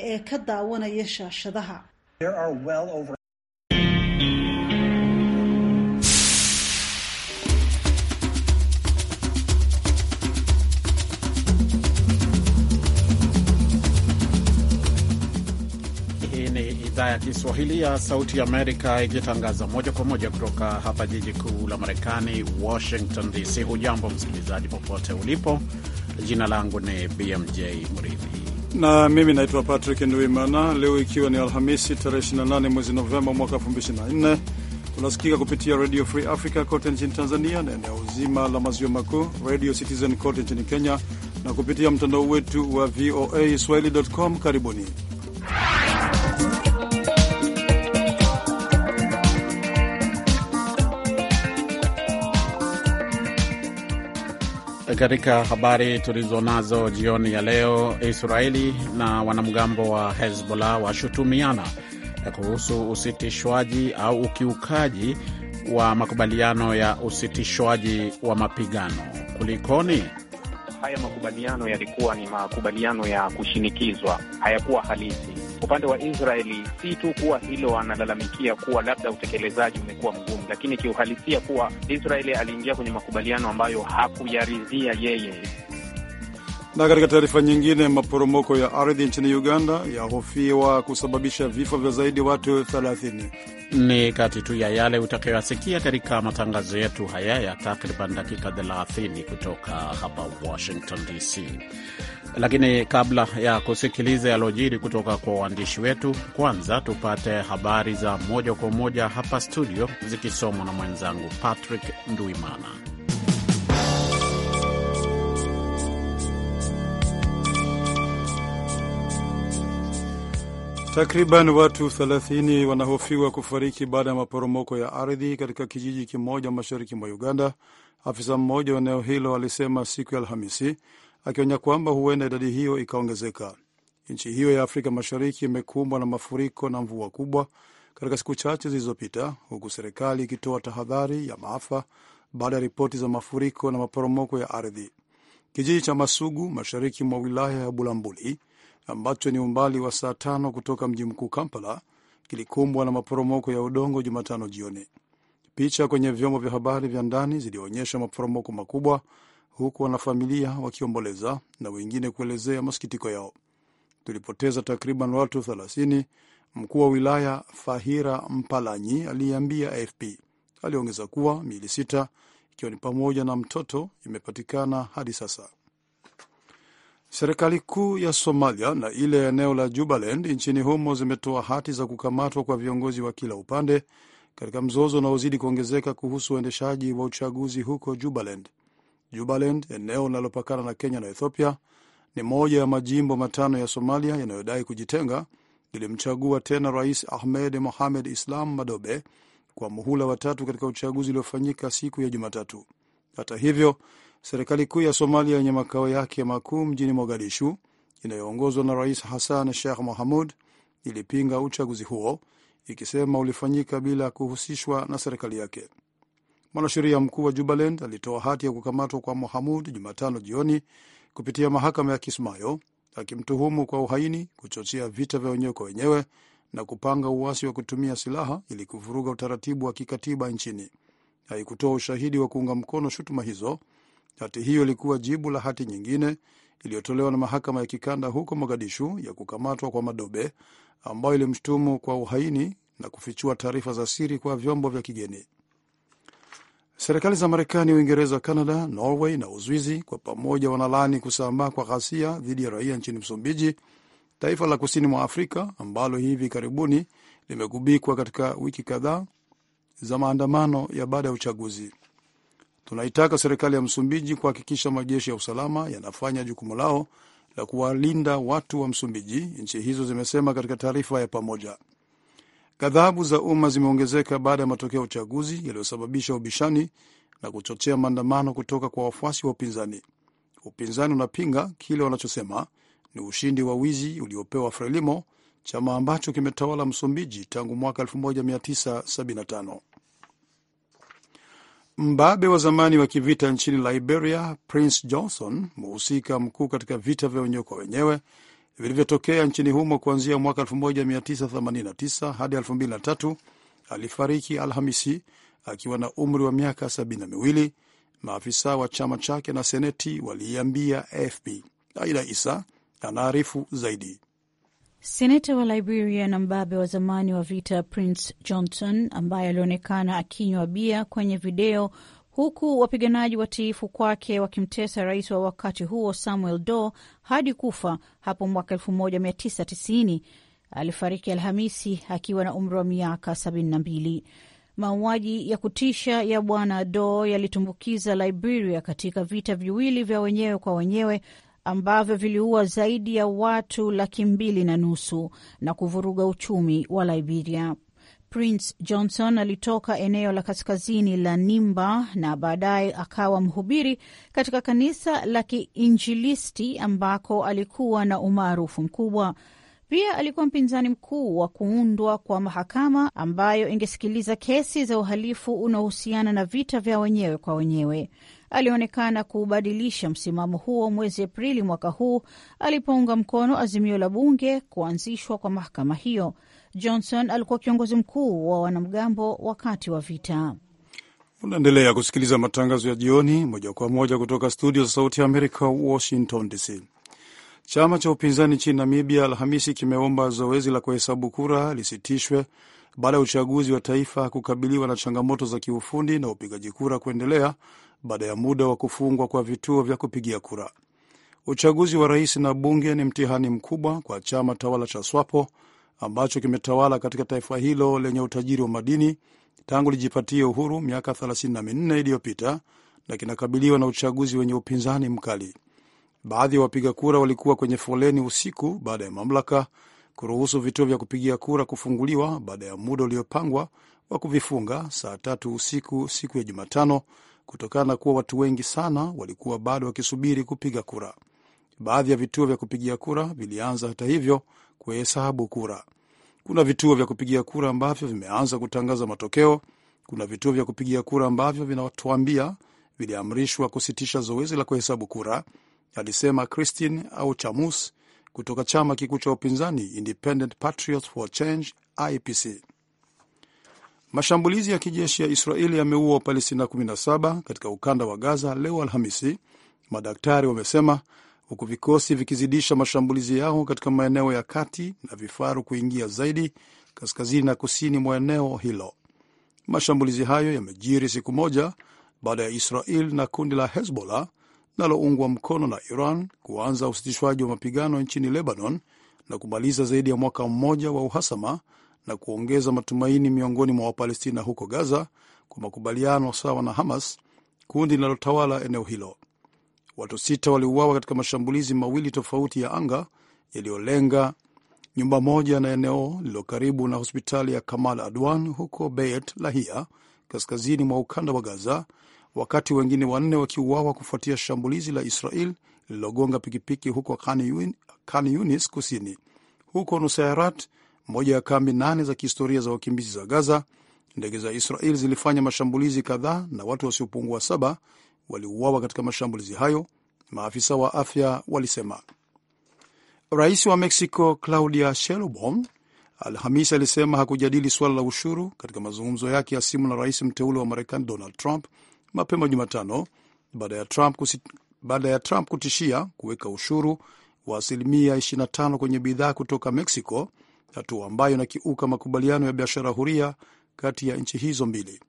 ee ka daawanaya shaashadaha. Idhaa ya Kiswahili ya Sauti ya Amerika ikitangaza moja kwa moja kutoka hapa jiji kuu la Marekani, Washington DC. Hujambo msikilizaji, popote ulipo. Jina langu ni BMJ Mridhi na mimi naitwa Patrick nduimana Leo ikiwa ni Alhamisi tarehe 28 mwezi Novemba mwaka 2024, tunasikika kupitia Radio Free Africa kote nchini Tanzania na eneo zima la maziwa makuu, Radio Citizen kote nchini Kenya na kupitia mtandao wetu wa VOA swahili.com. Karibuni. Katika habari tulizonazo jioni ya leo, Israeli na wanamgambo wa Hezbollah washutumiana kuhusu usitishwaji au ukiukaji wa makubaliano ya usitishwaji wa mapigano. Kulikoni? Haya makubaliano yalikuwa ni makubaliano ya kushinikizwa, hayakuwa halisi upande wa Israeli si tu kuwa hilo wanalalamikia kuwa labda utekelezaji umekuwa mgumu, lakini kiuhalisia kuwa Israeli aliingia kwenye makubaliano ambayo hakuyaridhia yeye. Na katika taarifa nyingine, maporomoko ya ardhi nchini Uganda yahofiwa kusababisha vifo vya zaidi watu 30. Ni kati tu ya yale utakayoyasikia katika matangazo yetu haya ya takriban dakika 30 kutoka hapa Washington DC. Lakini kabla ya kusikiliza yalojiri kutoka kwa waandishi wetu, kwanza tupate habari za moja kwa moja hapa studio zikisomwa na mwenzangu Patrick Nduimana. Takriban watu 30 wanahofiwa kufariki baada ya maporomoko ya ardhi katika kijiji kimoja mashariki mwa Uganda, afisa mmoja wa eneo hilo alisema siku ya Alhamisi akionya kwamba huenda idadi hiyo ikaongezeka. Nchi hiyo ya Afrika Mashariki imekumbwa na mafuriko na mvua kubwa katika siku chache zilizopita, huku serikali ikitoa tahadhari ya maafa baada ya ripoti za mafuriko na maporomoko ya ardhi. Kijiji cha Masugu, mashariki mwa wilaya ya Bulambuli, ambacho ni umbali wa saa tano kutoka mji mkuu Kampala, kilikumbwa na maporomoko ya udongo Jumatano jioni. Picha kwenye vyombo vya habari vya ndani zilionyesha maporomoko makubwa huku wanafamilia wakiomboleza na wengine kuelezea masikitiko yao. Tulipoteza takriban watu 30, mkuu wa wilaya Fahira Mpalanyi aliyeambia AFP. Aliongeza kuwa miili sita ikiwa ni pamoja na mtoto imepatikana hadi sasa. Serikali kuu ya Somalia na ile ya eneo la Jubaland nchini humo zimetoa hati za kukamatwa kwa viongozi wa kila upande katika mzozo unaozidi kuongezeka kuhusu uendeshaji wa uchaguzi huko Jubaland. Jubaland, eneo linalopakana na Kenya na Ethiopia, ni moja ya majimbo matano ya Somalia yanayodai kujitenga, ilimchagua tena Rais Ahmed Mohamed Islam Madobe kwa muhula wa tatu katika uchaguzi uliofanyika siku ya Jumatatu. Hata hivyo, serikali kuu ya Somalia yenye makao yake makuu mjini Mogadishu, inayoongozwa na Rais Hassan Sheikh Mohamud, ilipinga uchaguzi huo ikisema ulifanyika bila kuhusishwa na serikali yake. Mwanasheria mkuu wa Jubaland alitoa hati ya kukamatwa kwa Mohamud Jumatano jioni kupitia mahakama ya Kismayo akimtuhumu kwa uhaini, kuchochea vita vya wenyewe kwa wenyewe na kupanga uasi wa kutumia silaha ili kuvuruga utaratibu wa kikatiba nchini. Haikutoa ushahidi wa kuunga mkono shutuma hizo. Hati hiyo ilikuwa jibu la hati nyingine iliyotolewa na mahakama ya kikanda huko Mogadishu ya kukamatwa kwa Madobe ambayo ilimshutumu kwa uhaini na kufichua taarifa za siri kwa vyombo vya kigeni. Serikali za Marekani, Uingereza, canada Norway na uzwizi kwa pamoja wanalaani kusambaa kwa ghasia dhidi ya raia nchini Msumbiji, taifa la kusini mwa Afrika ambalo hivi karibuni limegubikwa katika wiki kadhaa za maandamano ya baada ya uchaguzi. Tunaitaka serikali ya Msumbiji kuhakikisha majeshi ya usalama yanafanya jukumu lao la kuwalinda watu wa Msumbiji, nchi hizo zimesema katika taarifa ya pamoja. Ghadhabu za umma zimeongezeka baada ya matokeo ya uchaguzi yaliyosababisha ubishani na kuchochea maandamano kutoka kwa wafuasi wa upinzani. Upinzani unapinga kile wanachosema ni ushindi wa wizi uliopewa Frelimo, chama ambacho kimetawala Msumbiji tangu mwaka 1975. Mbabe wa zamani wa kivita nchini Liberia, Prince Johnson, mhusika mkuu katika vita vya wenyewe kwa wenyewe vilivyotokea nchini humo kuanzia mwaka 1989 hadi 2003. Alifariki Alhamisi akiwa na umri wa miaka sabini na miwili, maafisa wa chama chake na seneti waliiambia AFP. Aida Isa anaarifu zaidi. Seneta wa Liberia na mbabe wa zamani wa vita Prince Johnson, ambaye alionekana akinywa bia kwenye video huku wapiganaji watiifu kwake wakimtesa rais wa wakati huo Samuel Doe hadi kufa hapo mwaka 1990. Alifariki Alhamisi akiwa na umri wa miaka 72. Mauaji ya kutisha ya bwana Doe yalitumbukiza Liberia katika vita viwili vya wenyewe kwa wenyewe ambavyo viliua zaidi ya watu laki mbili na nusu na kuvuruga uchumi wa Liberia. Prince Johnson alitoka eneo la kaskazini la Nimba na baadaye akawa mhubiri katika kanisa la Kiinjilisti ambako alikuwa na umaarufu mkubwa. Pia alikuwa mpinzani mkuu wa kuundwa kwa mahakama ambayo ingesikiliza kesi za uhalifu unaohusiana na vita vya wenyewe kwa wenyewe. Alionekana kuubadilisha msimamo huo mwezi Aprili mwaka huu alipounga mkono azimio la bunge kuanzishwa kwa mahakama hiyo. Johnson alikuwa kiongozi mkuu wa wanamgambo wakati wa vita. Unaendelea kusikiliza matangazo ya jioni moja kwa moja kutoka studio za Sauti ya Amerika, Washington DC. Chama cha upinzani nchini Namibia Alhamisi kimeomba zoezi la kuhesabu kura lisitishwe baada ya uchaguzi wa taifa kukabiliwa na changamoto za kiufundi na upigaji kura kuendelea baada ya muda wa kufungwa kwa vituo vya kupigia kura. Uchaguzi wa rais na bunge ni mtihani mkubwa kwa chama tawala cha SWAPO ambacho kimetawala katika taifa hilo lenye utajiri wa madini tangu lijipatia uhuru miaka 34 iliyopita na kinakabiliwa na uchaguzi wenye upinzani mkali. Baadhi ya wapiga kura walikuwa kwenye foleni usiku baada ya mamlaka kuruhusu vituo vya kupigia kura kufunguliwa baada ya muda uliopangwa wa kuvifunga saa tatu usiku siku ya Jumatano, kutokana na kuwa watu wengi sana walikuwa bado wakisubiri kupiga kura. Baadhi ya vituo vya kupigia kura vilianza hata hivyo kuhesabu kura. Kuna vituo vya kupigia kura ambavyo vimeanza kutangaza matokeo. Kuna vituo vya kupigia kura ambavyo vinatuambia viliamrishwa kusitisha zoezi la kuhesabu kura, alisema Christine au Chamus kutoka chama kikuu cha upinzani Independent Patriots for Change, IPC. Mashambulizi ya kijeshi ya Israeli yameua Wapalestina 17 katika ukanda wa Gaza leo Alhamisi, madaktari wamesema, huku vikosi vikizidisha mashambulizi yao katika maeneo ya kati na vifaru kuingia zaidi kaskazini na kusini mwa eneo hilo. Mashambulizi hayo yamejiri siku moja baada ya Israel na kundi la Hezbollah linaloungwa mkono na Iran kuanza usitishwaji wa mapigano nchini Lebanon na kumaliza zaidi ya mwaka mmoja wa uhasama na kuongeza matumaini miongoni mwa Wapalestina huko Gaza kwa makubaliano sawa na Hamas, kundi linalotawala eneo hilo. Watu sita waliuawa katika mashambulizi mawili tofauti ya anga yaliyolenga nyumba moja na eneo lililo karibu na hospitali ya Kamal Adwan huko Beit Lahia, kaskazini mwa ukanda wa Gaza, wakati wengine wanne wakiuawa kufuatia shambulizi la Israel lililogonga pikipiki huko Khan Yunis kusini. Huko Nusairat, moja ya kambi nane za kihistoria za wakimbizi za Gaza, ndege za Israel zilifanya mashambulizi kadhaa na watu wasiopungua saba waliuawa katika mashambulizi hayo, maafisa wa afya walisema. Rais wa Mexico Claudia Sheinbaum Alhamisi alisema hakujadili suala la ushuru katika mazungumzo yake ya simu na rais mteule wa Marekani Donald Trump mapema Jumatano baada ya Trump baada ya Trump kutishia kuweka ushuru wa asilimia 25 kwenye bidhaa kutoka Mexico, hatua ambayo inakiuka makubaliano ya biashara huria kati ya nchi hizo mbili.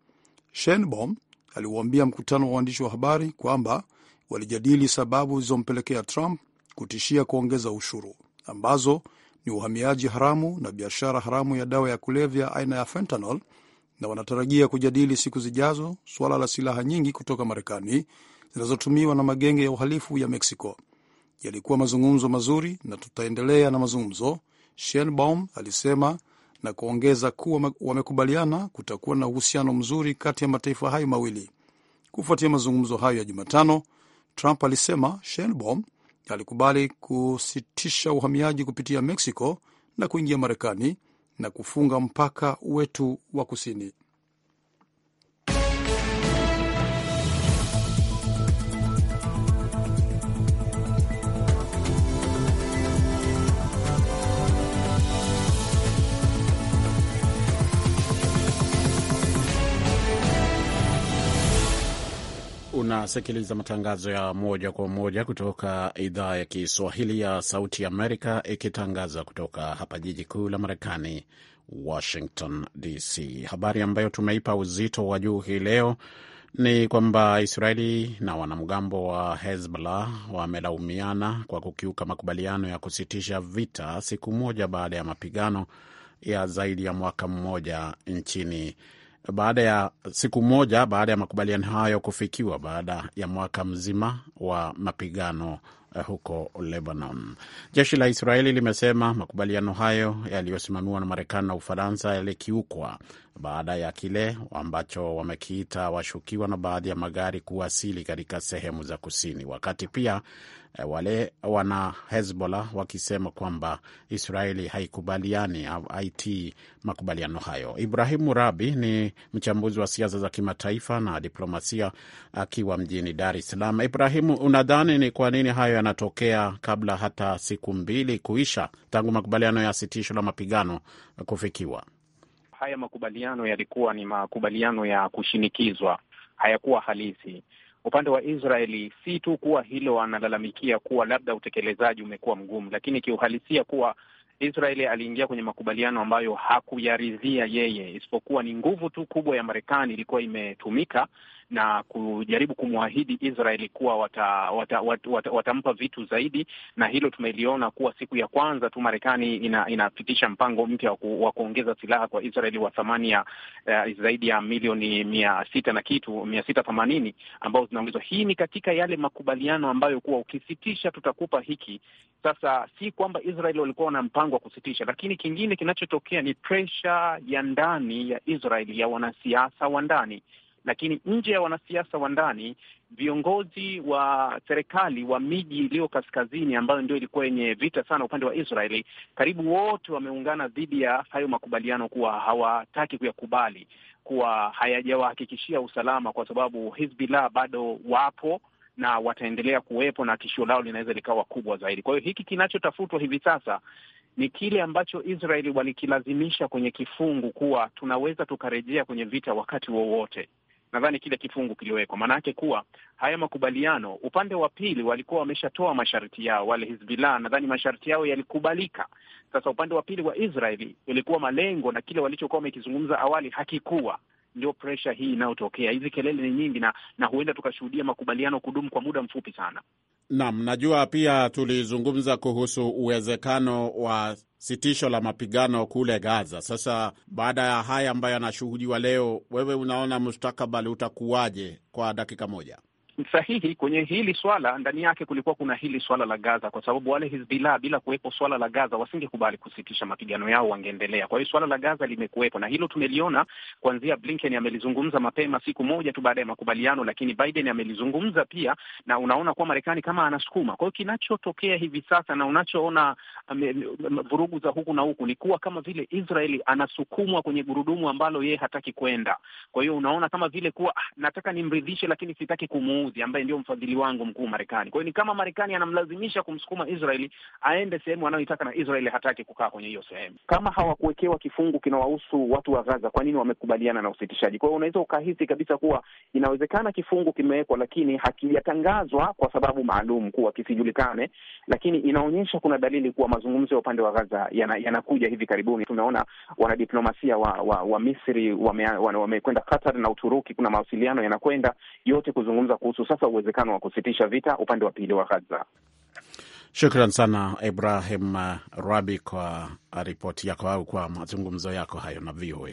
Sheinbaum aliuambia mkutano wa waandishi wa habari kwamba walijadili sababu zilizompelekea Trump kutishia kuongeza ushuru ambazo ni uhamiaji haramu na biashara haramu ya dawa ya kulevya aina ya fentanyl, na wanatarajia kujadili siku zijazo suala la silaha nyingi kutoka Marekani zinazotumiwa na magenge ya uhalifu ya Mexico. Yalikuwa mazungumzo mazuri na tutaendelea na mazungumzo, Shenbaum alisema na kuongeza kuwa wamekubaliana kutakuwa na uhusiano mzuri kati ya mataifa hayo mawili. Kufuatia mazungumzo hayo ya Jumatano, Trump alisema Sheinbaum alikubali kusitisha uhamiaji kupitia Mexico na kuingia Marekani na kufunga mpaka wetu wa kusini. Unasikiliza matangazo ya moja kwa moja kutoka idhaa ya Kiswahili ya Sauti Amerika, ikitangaza kutoka hapa jiji kuu la Marekani, Washington DC. Habari ambayo tumeipa uzito wa juu hii leo ni kwamba Israeli na wanamgambo wa Hezbollah wamelaumiana kwa kukiuka makubaliano ya kusitisha vita siku moja baada ya mapigano ya zaidi ya mwaka mmoja nchini baada ya siku moja baada ya makubaliano hayo kufikiwa baada ya mwaka mzima wa mapigano eh, huko Lebanon. Jeshi la Israeli limesema makubaliano hayo yaliyosimamiwa na Marekani na Ufaransa yalikiukwa baada ya kile ambacho wamekiita washukiwa na baadhi ya magari kuwasili katika sehemu za kusini, wakati pia Eh, wale wana Hezbollah wakisema kwamba Israeli haikubaliani haitii makubaliano hayo. Ibrahimu Rabi ni mchambuzi wa siasa za kimataifa na diplomasia akiwa mjini Dar es Salaam. Ibrahimu, unadhani ni kwa nini hayo yanatokea kabla hata siku mbili kuisha tangu makubaliano ya sitisho la mapigano kufikiwa? Haya makubaliano yalikuwa ni makubaliano ya kushinikizwa, hayakuwa halisi upande wa Israeli si tu kuwa hilo wanalalamikia kuwa labda utekelezaji umekuwa mgumu, lakini kiuhalisia kuwa Israeli aliingia kwenye makubaliano ambayo hakuyaridhia yeye, isipokuwa ni nguvu tu kubwa ya Marekani ilikuwa imetumika na kujaribu kumwahidi Israeli kuwa watampa wata, wata, wata, wata vitu zaidi, na hilo tumeliona kuwa siku ya kwanza tu Marekani inapitisha ina mpango mpya wa kuongeza silaha kwa Israeli wa thamani ya uh, zaidi ya milioni mia sita na kitu mia sita themanini ambao zinaongezwa. Hii ni katika yale makubaliano ambayo kuwa ukisitisha tutakupa hiki. Sasa si kwamba Israel walikuwa na mpango wa kusitisha, lakini kingine kinachotokea ni presha ya ndani ya israel ya wanasiasa wa ndani lakini nje ya wanasiasa wa ndani, viongozi wa serikali wa miji iliyo kaskazini ambayo ndio ilikuwa yenye vita sana upande wa Israeli, karibu wote wameungana dhidi ya hayo makubaliano, kuwa hawataki kuyakubali, kuwa hayajawahakikishia usalama, kwa sababu Hizbullah bado wapo na wataendelea kuwepo na tishio lao linaweza likawa kubwa zaidi. Kwa hiyo hiki kinachotafutwa hivi sasa ni kile ambacho Israeli walikilazimisha kwenye kifungu kuwa tunaweza tukarejea kwenye vita wakati wowote nadhani kile kifungu kiliwekwa, yake kuwa haya makubaliano, upande wa pili walikuwa wameshatoa masharti yao, wale Hizbillah, nadhani masharti yao yalikubalika. Sasa upande wa pili wa Israeli ilikuwa malengo na kile walichokuwa wamekizungumza awali hakikuwa ndio presha hii inayotokea. Hizi kelele ni nyingi na, na huenda tukashuhudia makubaliano kudumu kwa muda mfupi sana. Naam, najua pia tulizungumza kuhusu uwezekano wa sitisho la mapigano kule Gaza. Sasa baada ya haya ambayo yanashuhudiwa leo, wewe unaona mustakabali utakuwaje? Kwa dakika moja sahihi kwenye hili swala, ndani yake kulikuwa kuna hili swala la Gaza, kwa sababu wale Hizbullah bila kuwepo swala la Gaza wasingekubali kusitisha mapigano yao, wangeendelea. Kwa hiyo swala la Gaza limekuwepo, na hilo tumeliona kuanzia, Blinken amelizungumza mapema siku moja tu baada ya makubaliano, lakini Biden amelizungumza pia, na unaona kuwa Marekani kama anasukuma. Kwa hiyo kinachotokea hivi sasa na unachoona vurugu za huku na huku ni kuwa kama vile Israeli anasukumwa kwenye gurudumu ambalo yeye hataki kwenda. Kwa hiyo unaona kama vile kuwa ah, nataka nimridhishe, lakini sitaki kumuuza Saudi ambaye ndio mfadhili wangu mkuu Marekani. Kwa hiyo ni kama Marekani anamlazimisha kumsukuma Israeli aende sehemu anayoitaka, na Israeli hataki kukaa kwenye hiyo sehemu. Kama hawakuwekewa kifungu kinawahusu watu wa Gaza, kwa nini wamekubaliana na usitishaji? Kwa hiyo unaweza ukahisi kabisa kuwa inawezekana kifungu kimewekwa, lakini hakijatangazwa kwa sababu maalum kuwa kisijulikane, lakini inaonyesha kuna dalili kuwa mazungumzo ya upande wa Gaza yanakuja yana hivi karibuni. Tumeona wanadiplomasia wa, wa, wa Misri wamekwenda wame Qatar na Uturuki, kuna mawasiliano yanakwenda yote kuzungumza kuhusu kuhusu sasa uwezekano wa kusitisha vita upande wa pili wa Gaza. Shukran sana Ibrahim Rabi kwa ripoti yako au kwa mazungumzo yako hayo na VOA.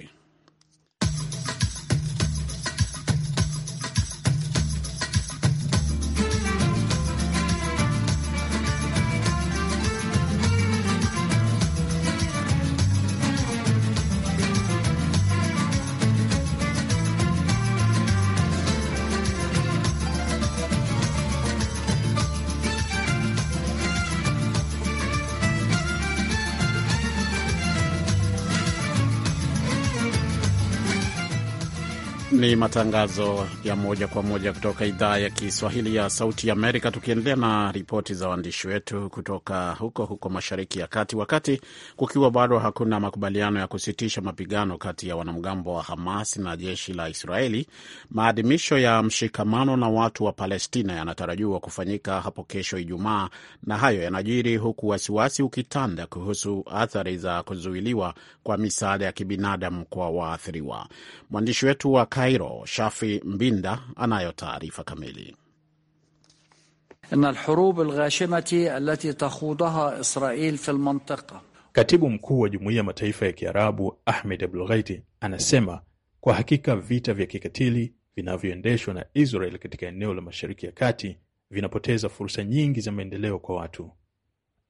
ni matangazo ya moja kwa moja kutoka idhaa ya Kiswahili ya Sauti ya Amerika, tukiendelea na ripoti za waandishi wetu kutoka huko huko Mashariki ya Kati, wakati kukiwa bado hakuna makubaliano ya kusitisha mapigano kati ya wanamgambo wa Hamas na jeshi la Israeli. Maadhimisho ya mshikamano na watu wa Palestina yanatarajiwa kufanyika hapo kesho Ijumaa, na hayo yanajiri huku wasiwasi ukitanda kuhusu athari za kuzuiliwa kwa misaada ya kibinadamu kwa waathiriwa. Mwandishi wetu wa Kai Cairo, Shafi Mbinda anayo taarifa kamili. Katibu mkuu wa Jumuiya ya Mataifa ya Kiarabu Ahmed Abdul Ghaiti anasema kwa hakika vita vya kikatili vinavyoendeshwa na Israel katika eneo la Mashariki ya Kati vinapoteza fursa nyingi za maendeleo kwa watu.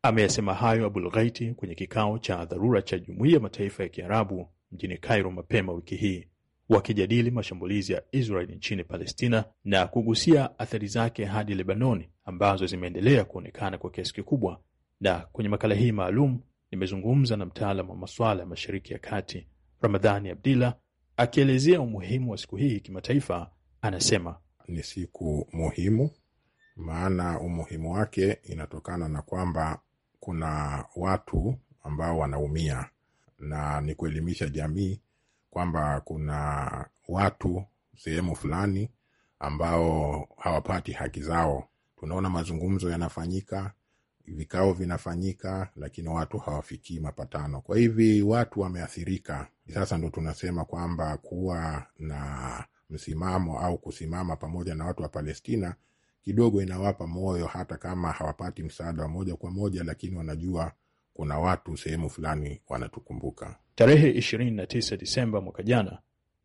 Ameyasema hayo abul Ghaiti kwenye kikao cha dharura cha Jumuiya ya Mataifa ya Kiarabu mjini Cairo mapema wiki hii wakijadili mashambulizi ya Israel nchini Palestina na kugusia athari zake hadi Lebanoni ambazo zimeendelea kuonekana kwa kiasi kikubwa. Na kwenye makala hii maalum nimezungumza na mtaalam wa masuala ya Mashariki ya Kati Ramadhani Abdillah akielezea umuhimu wa siku hii kimataifa. Anasema ni siku muhimu, maana umuhimu wake inatokana na kwamba kuna watu ambao wanaumia na ni kuelimisha jamii kwamba kuna watu sehemu fulani ambao hawapati haki zao. Tunaona mazungumzo yanafanyika, vikao vinafanyika, lakini watu hawafikii mapatano. Kwa hivi watu wameathirika. Sasa ndo tunasema kwamba kuwa na msimamo au kusimama pamoja na watu wa Palestina kidogo inawapa moyo, hata kama hawapati msaada wa moja kwa moja, lakini wanajua kuna watu sehemu fulani wanatukumbuka. Tarehe 29 Disemba mwaka jana,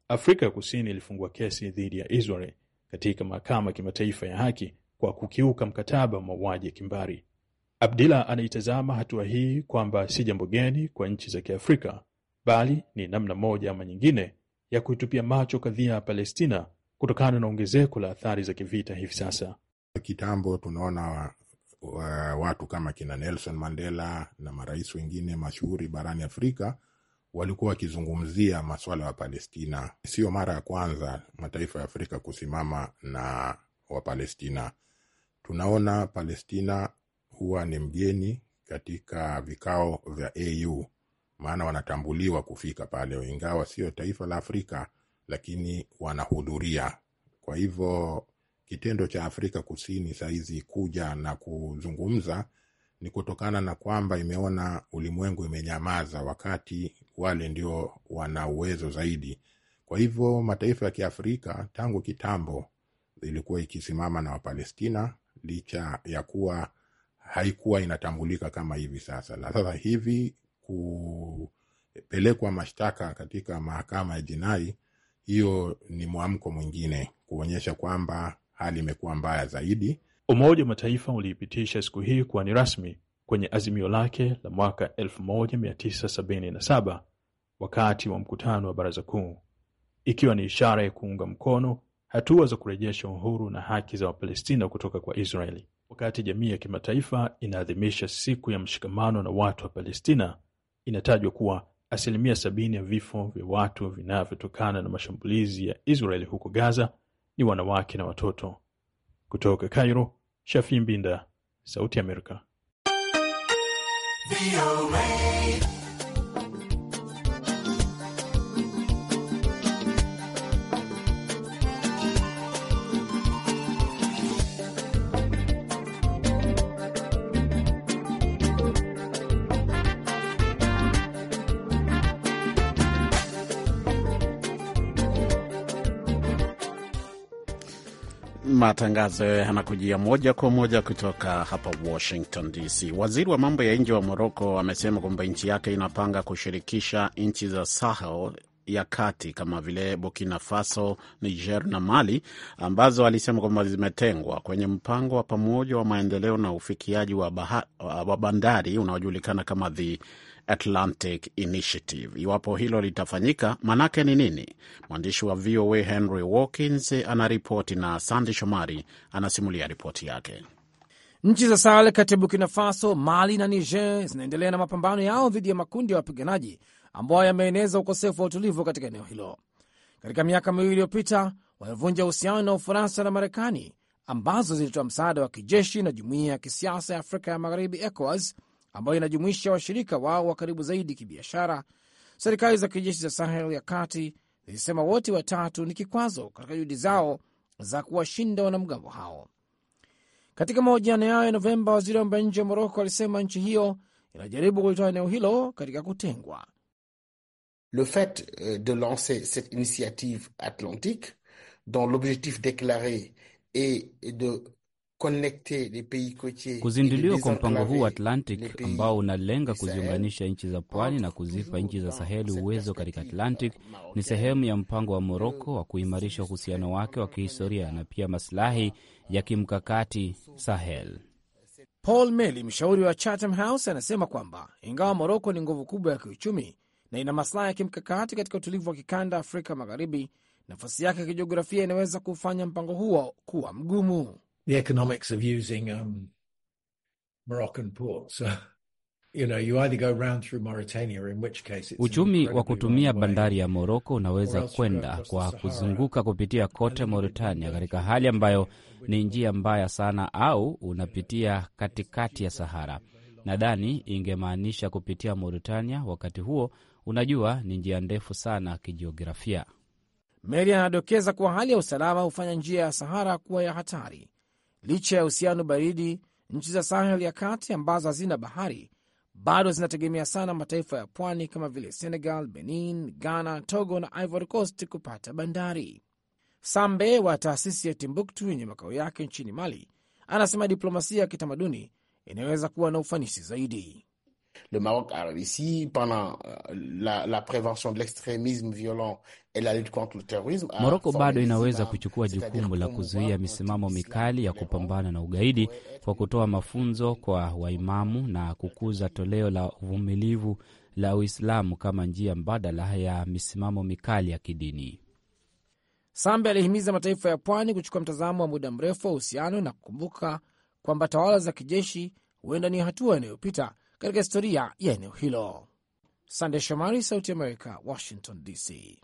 Afrika ya Kusini ilifungua kesi dhidi ya Israel katika mahakama ya kimataifa ya haki kwa kukiuka mkataba wa mauaji ya kimbari. Abdila anaitazama hatua hii kwamba si jambo geni kwa nchi za Kiafrika, bali ni namna moja ama nyingine ya kuitupia macho kadhia ya Palestina kutokana na ongezeko la athari za kivita hivi sasa. Kitambo tunaona watu kama kina Nelson Mandela na marais wengine mashuhuri barani Afrika walikuwa wakizungumzia maswala ya Palestina. Sio mara ya kwanza mataifa ya Afrika kusimama na Wapalestina. Tunaona Palestina huwa ni mgeni katika vikao vya AU, maana wanatambuliwa kufika pale, ingawa sio taifa la Afrika, lakini wanahudhuria. Kwa hivyo kitendo cha Afrika Kusini sahizi kuja na kuzungumza ni kutokana na kwamba imeona ulimwengu imenyamaza, wakati wale ndio wana uwezo zaidi. Kwa hivyo mataifa ya Kiafrika tangu kitambo ilikuwa ikisimama na Wapalestina licha ya kuwa haikuwa inatambulika kama hivi sasa. Na sasa hivi kupelekwa mashtaka katika mahakama ya jinai, hiyo ni mwamko mwingine kuonyesha kwamba hali imekuwa mbaya zaidi. Umoja wa Mataifa uliipitisha siku hii kuwa ni rasmi kwenye azimio lake la mwaka 1977 wakati wa mkutano wa Baraza Kuu, ikiwa ni ishara ya kuunga mkono hatua za kurejesha uhuru na haki za Wapalestina kutoka kwa Israeli. Wakati jamii ya kimataifa inaadhimisha siku ya mshikamano na watu wa Palestina, inatajwa kuwa asilimia sabini ya vifo vya watu vinavyotokana na mashambulizi ya Israeli huko Gaza ni wanawake na watoto. Kutoka Cairo, Shafii Mbinda, Sauti ya Amerika. Matangazo yanakujia moja kwa moja kutoka hapa Washington DC. Waziri wa mambo ya nje wa Moroko amesema kwamba nchi yake inapanga kushirikisha nchi za Sahel ya kati kama vile Burkina Faso, Niger na Mali ambazo alisema kwamba zimetengwa kwenye mpango wa pamoja wa maendeleo na ufikiaji wa, baha, wa bandari unaojulikana kama the Atlantic Initiative. Iwapo hilo litafanyika, manake ni nini? Mwandishi wa VOA Henry Walkins anaripoti na Sandi Shomari anasimulia ripoti yake. Nchi za Sahel kati ya Burkina Faso, Mali na Niger zinaendelea na mapambano yao dhidi ya makundi ya wapiganaji ambayo yameeneza ukosefu wa utulivu katika eneo hilo. Katika miaka miwili iliyopita, wamevunja uhusiano na Ufaransa na Marekani ambazo zilitoa msaada wa kijeshi na jumuiya ya kisiasa ya Afrika ya Magharibi, ECOWAS, ambayo inajumuisha washirika wao wa karibu zaidi kibiashara. Serikali za kijeshi za Sahel ya kati zilisema wote watatu ni kikwazo katika juhudi zao za kuwashinda wanamgambo hao. Katika mahojiano yao ya Novemba, waziri wa mambo ya nje wa Moroko alisema nchi hiyo inajaribu kulitoa eneo hilo katika kutengwa. Le fait euh, de lancer cette initiative atlantique dont l'objectif est de Kuzinduliwa kwa mpango huu wa Atlantic ambao unalenga kuziunganisha nchi za pwani na kuzipa nchi za Saheli uwezo katika Atlantic ni sehemu ya mpango wa Moroko wa kuimarisha uhusiano wake wa kihistoria na pia masilahi ya kimkakati Sahel. Paul Meli, mshauri wa Chatham House, anasema kwamba ingawa Moroko ni nguvu kubwa ya kiuchumi na ina masilahi ya kimkakati katika utulivu wa kikanda Afrika Magharibi, nafasi yake ya kijiografia inaweza kufanya mpango huo kuwa mgumu the economics of using um, Moroccan ports. You know, you either go round through Mauritania, in which case it's uchumi wa kutumia bandari ya Moroko unaweza kwenda kwa kuzunguka kupitia kote Mauritania katika hali ambayo ni njia mbaya sana, au unapitia katikati ya Sahara. Nadhani ingemaanisha kupitia Mauritania. Wakati huo, unajua ni njia ndefu sana kijiografia. Meri anadokeza kuwa hali ya usalama hufanya njia ya Sahara kuwa ya hatari Licha ya uhusiano baridi, nchi za Sahel ya kati ambazo hazina bahari bado zinategemea sana mataifa ya pwani kama vile Senegal, Benin, Ghana, Togo na Ivory Coast kupata bandari. Sambe wa taasisi ya Timbuktu yenye makao yake nchini Mali anasema diplomasia ya kitamaduni inaweza kuwa na ufanisi zaidi le Maroc a réussi pendant euh, la, la prévention de l'extrémisme violent et la lutte contre le terrorisme. Moroko bado inaweza kuchukua jukumu la kuzuia misimamo mikali ya kupambana na ugaidi kwa kutoa mafunzo kwa waimamu na kukuza toleo la uvumilivu la Uislamu kama njia mbadala ya misimamo mikali ya kidini. Sambe alihimiza mataifa ya pwani kuchukua mtazamo wa muda mrefu wa uhusiano na kukumbuka kwamba tawala za kijeshi huenda ni hatua inayopita katika historia ya eneo hilo. Sande Shomari, Sauti America, Washington DC.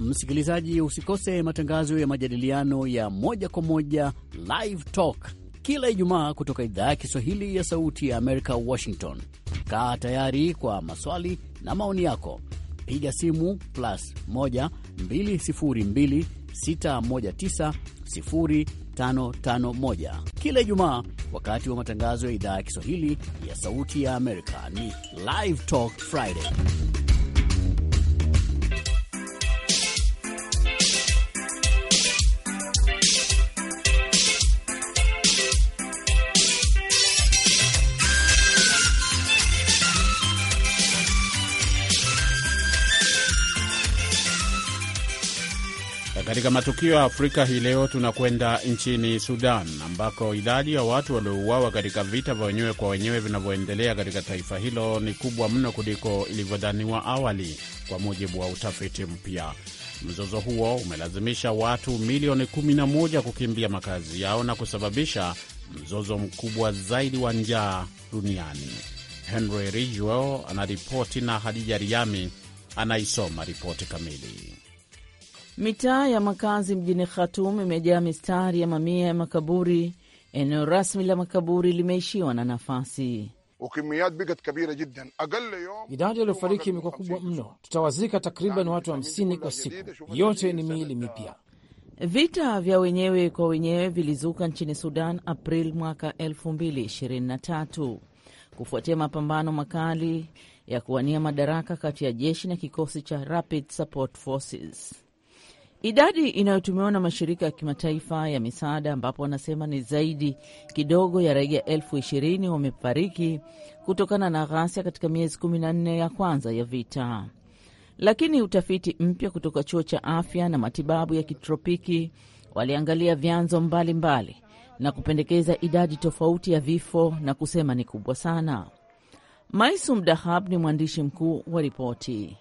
Msikilizaji, usikose matangazo ya majadiliano ya moja kwa moja Live Talk kila Ijumaa kutoka idhaa ya Kiswahili ya Sauti ya Amerika, Washington. Kaa tayari kwa maswali na maoni yako, piga simu plus 1 202 619 551 kila Ijumaa wakati wa matangazo ya idhaa ya Kiswahili ya Sauti ya Amerika. Ni Live Talk Friday. Katika matukio ya Afrika hii leo, tunakwenda nchini Sudan ambako idadi ya watu waliouawa katika vita vya wenyewe kwa wenyewe vinavyoendelea katika taifa hilo ni kubwa mno kuliko ilivyodhaniwa awali, kwa mujibu wa utafiti mpya. Mzozo huo umelazimisha watu milioni 11 kukimbia makazi yao na kusababisha mzozo mkubwa zaidi wa njaa duniani. Henry Ridgwell anaripoti na Hadija Riami anaisoma ripoti kamili. Mitaa ya makazi mjini Khatum imejaa mistari ya mamia ya makaburi. Eneo rasmi la makaburi limeishiwa na nafasi. Idadi yaliyofariki imekuwa kubwa mno, tutawazika takriban watu hamsini kwa siku, yote ni miili mipya. Vita vya wenyewe kwa wenyewe vilizuka nchini Sudan April mwaka 2023 kufuatia mapambano makali ya kuwania madaraka kati ya jeshi na kikosi cha Rapid Support Forces idadi inayotumiwa na mashirika ya kimataifa ya misaada, ambapo wanasema ni zaidi kidogo ya raia elfu ishirini wamefariki kutokana na ghasia katika miezi 14 ya kwanza ya vita. Lakini utafiti mpya kutoka chuo cha afya na matibabu ya kitropiki waliangalia vyanzo mbalimbali mbali na kupendekeza idadi tofauti ya vifo na kusema ni kubwa sana. Maisum Dahab ni mwandishi mkuu wa ripoti.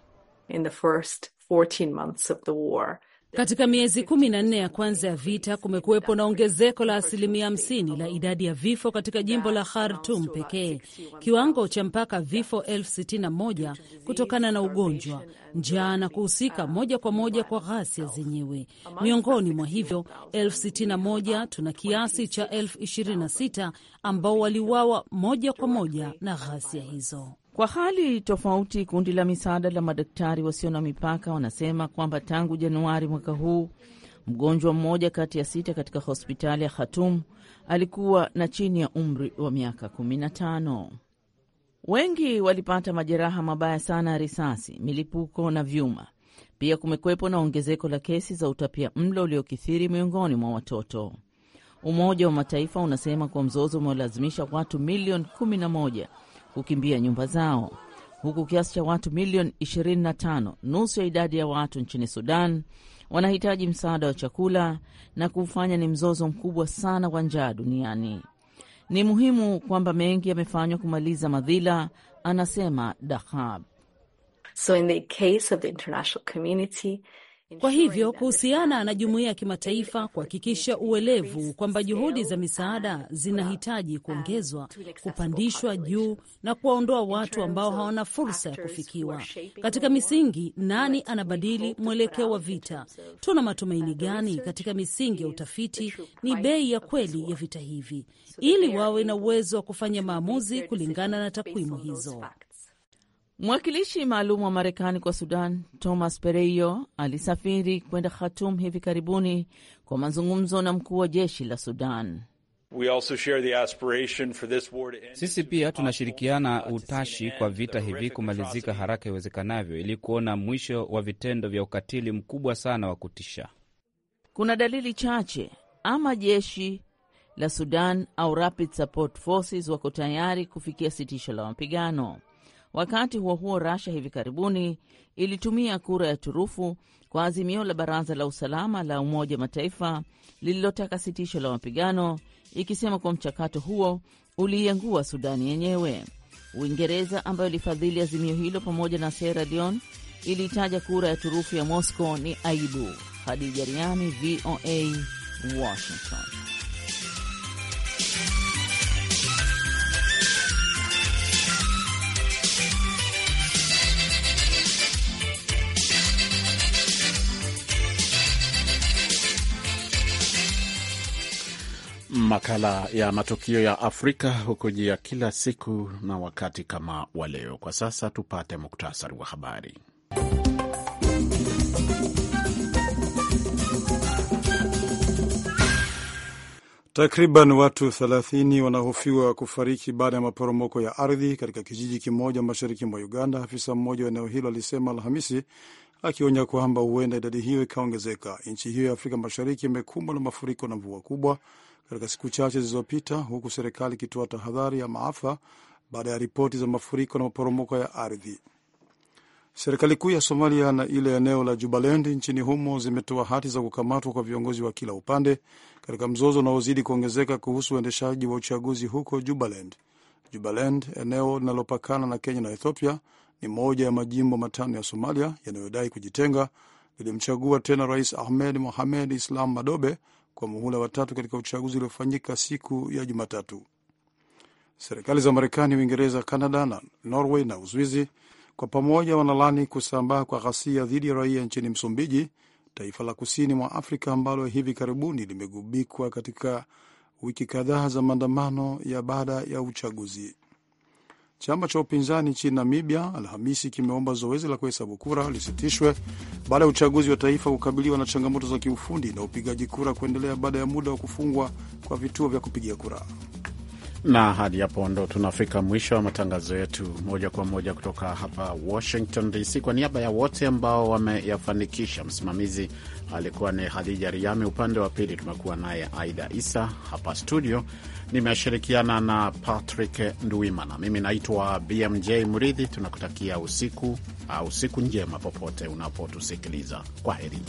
In the first 14 months of the war, katika miezi kumi na nne ya kwanza ya vita kumekuwepo na ongezeko la asilimia hamsini la idadi ya vifo katika jimbo la Khartum pekee, kiwango cha mpaka vifo elfu sitini na moja kutokana na ugonjwa, njaa na kuhusika moja kwa moja kwa ghasia zenyewe. Miongoni mwa hivyo elfu sitini na moja tuna kiasi cha elfu ishirini na sita ambao waliuawa moja kwa moja na ghasia hizo. Kwa hali tofauti, kundi la misaada la madaktari wasio na mipaka wanasema kwamba tangu Januari mwaka huu mgonjwa mmoja kati ya sita katika hospitali ya Khatum alikuwa na chini ya umri wa miaka 15. Wengi walipata majeraha mabaya sana ya risasi, milipuko na vyuma. Pia kumekwepo na ongezeko la kesi za utapia mlo uliokithiri miongoni mwa watoto. Umoja wa Mataifa unasema kuwa mzozo umewalazimisha watu milioni 11 kukimbia nyumba zao, huku kiasi cha watu milioni 25, nusu ya idadi ya watu nchini Sudan, wanahitaji msaada wa chakula na kuufanya ni mzozo mkubwa sana wa njaa duniani. Ni muhimu kwamba mengi yamefanywa kumaliza madhila, anasema Dahab. So in the case of the international community kwa hivyo kuhusiana na jumuiya ya kimataifa kuhakikisha uelevu kwamba juhudi za misaada zinahitaji kuongezwa, kupandishwa juu na kuwaondoa watu ambao hawana fursa ya kufikiwa katika misingi. Nani anabadili mwelekeo wa vita? Tuna matumaini gani katika misingi ya utafiti? Ni bei ya kweli ya vita hivi, ili wawe na uwezo wa kufanya maamuzi kulingana na takwimu hizo. Mwakilishi maalum wa Marekani kwa Sudan Thomas Pereyo, alisafiri kwenda Khartoum hivi karibuni kwa mazungumzo na mkuu wa jeshi la Sudan. We also share the aspiration for this war to end. Sisi pia tunashirikiana utashi kwa vita hivi kumalizika haraka iwezekanavyo ili kuona mwisho wa vitendo vya ukatili mkubwa sana wa kutisha. Kuna dalili chache ama jeshi la Sudan au Rapid Support Forces wako tayari kufikia sitisho la mapigano. Wakati huo huo, Rasha hivi karibuni ilitumia kura ya turufu kwa azimio la Baraza la Usalama la Umoja Mataifa lililotaka sitisho la mapigano, ikisema kuwa mchakato huo uliiangua Sudani yenyewe. Uingereza ambayo ilifadhili azimio hilo pamoja na Sierra Leone iliitaja kura ya turufu ya Moscow ni aibu. Hadija Riami, VOA, Washington. makala ya matukio ya Afrika hukujia kila siku na wakati kama wa leo. Kwa sasa tupate muktasari wa habari. Takriban watu 30 wanahofiwa kufariki baada ya maporomoko ya ardhi katika kijiji kimoja mashariki mwa Uganda, afisa mmoja wa eneo hilo alisema Alhamisi, akionya kwamba huenda idadi hiyo ikaongezeka. Nchi hiyo ya Afrika Mashariki imekumbwa na mafuriko na mvua kubwa katika siku chache zilizopita, huku serikali ikitoa tahadhari ya maafa baada ya ripoti za mafuriko na maporomoko ya ardhi. Serikali kuu ya Somalia na ile eneo la Jubaland nchini humo zimetoa hati za kukamatwa kwa viongozi wa kila upande katika mzozo unaozidi kuongezeka kuhusu uendeshaji wa uchaguzi huko Jubaland. Jubaland, eneo linalopakana na Kenya na Ethiopia, ni moja ya majimbo matano ya Somalia yanayodai kujitenga, lilimchagua tena Rais Ahmed Mohamed Islam Madobe kwa muhula watatu katika uchaguzi uliofanyika siku ya Jumatatu. Serikali za Marekani, Uingereza, Kanada na Norway na Uswizi kwa pamoja wanalani kusambaa kwa ghasia dhidi ya raia nchini Msumbiji, taifa la kusini mwa Afrika ambalo hivi karibuni limegubikwa katika wiki kadhaa za maandamano ya baada ya uchaguzi. Chama cha upinzani nchini Namibia Alhamisi kimeomba zoezi la kuhesabu kura lisitishwe baada ya uchaguzi wa taifa kukabiliwa na changamoto za kiufundi na upigaji kura kuendelea baada ya muda wa kufungwa kwa vituo vya kupigia kura na hadi hapo ndo tunafika mwisho wa matangazo yetu moja kwa moja kutoka hapa Washington DC. Kwa niaba ya wote ambao wameyafanikisha, msimamizi alikuwa ni Hadija Riami, upande wa pili tumekuwa naye Aida Isa, hapa studio nimeshirikiana na Patrick Nduimana, mimi naitwa BMJ Mridhi. Tunakutakia usiku au siku njema popote unapotusikiliza. Kwa heri.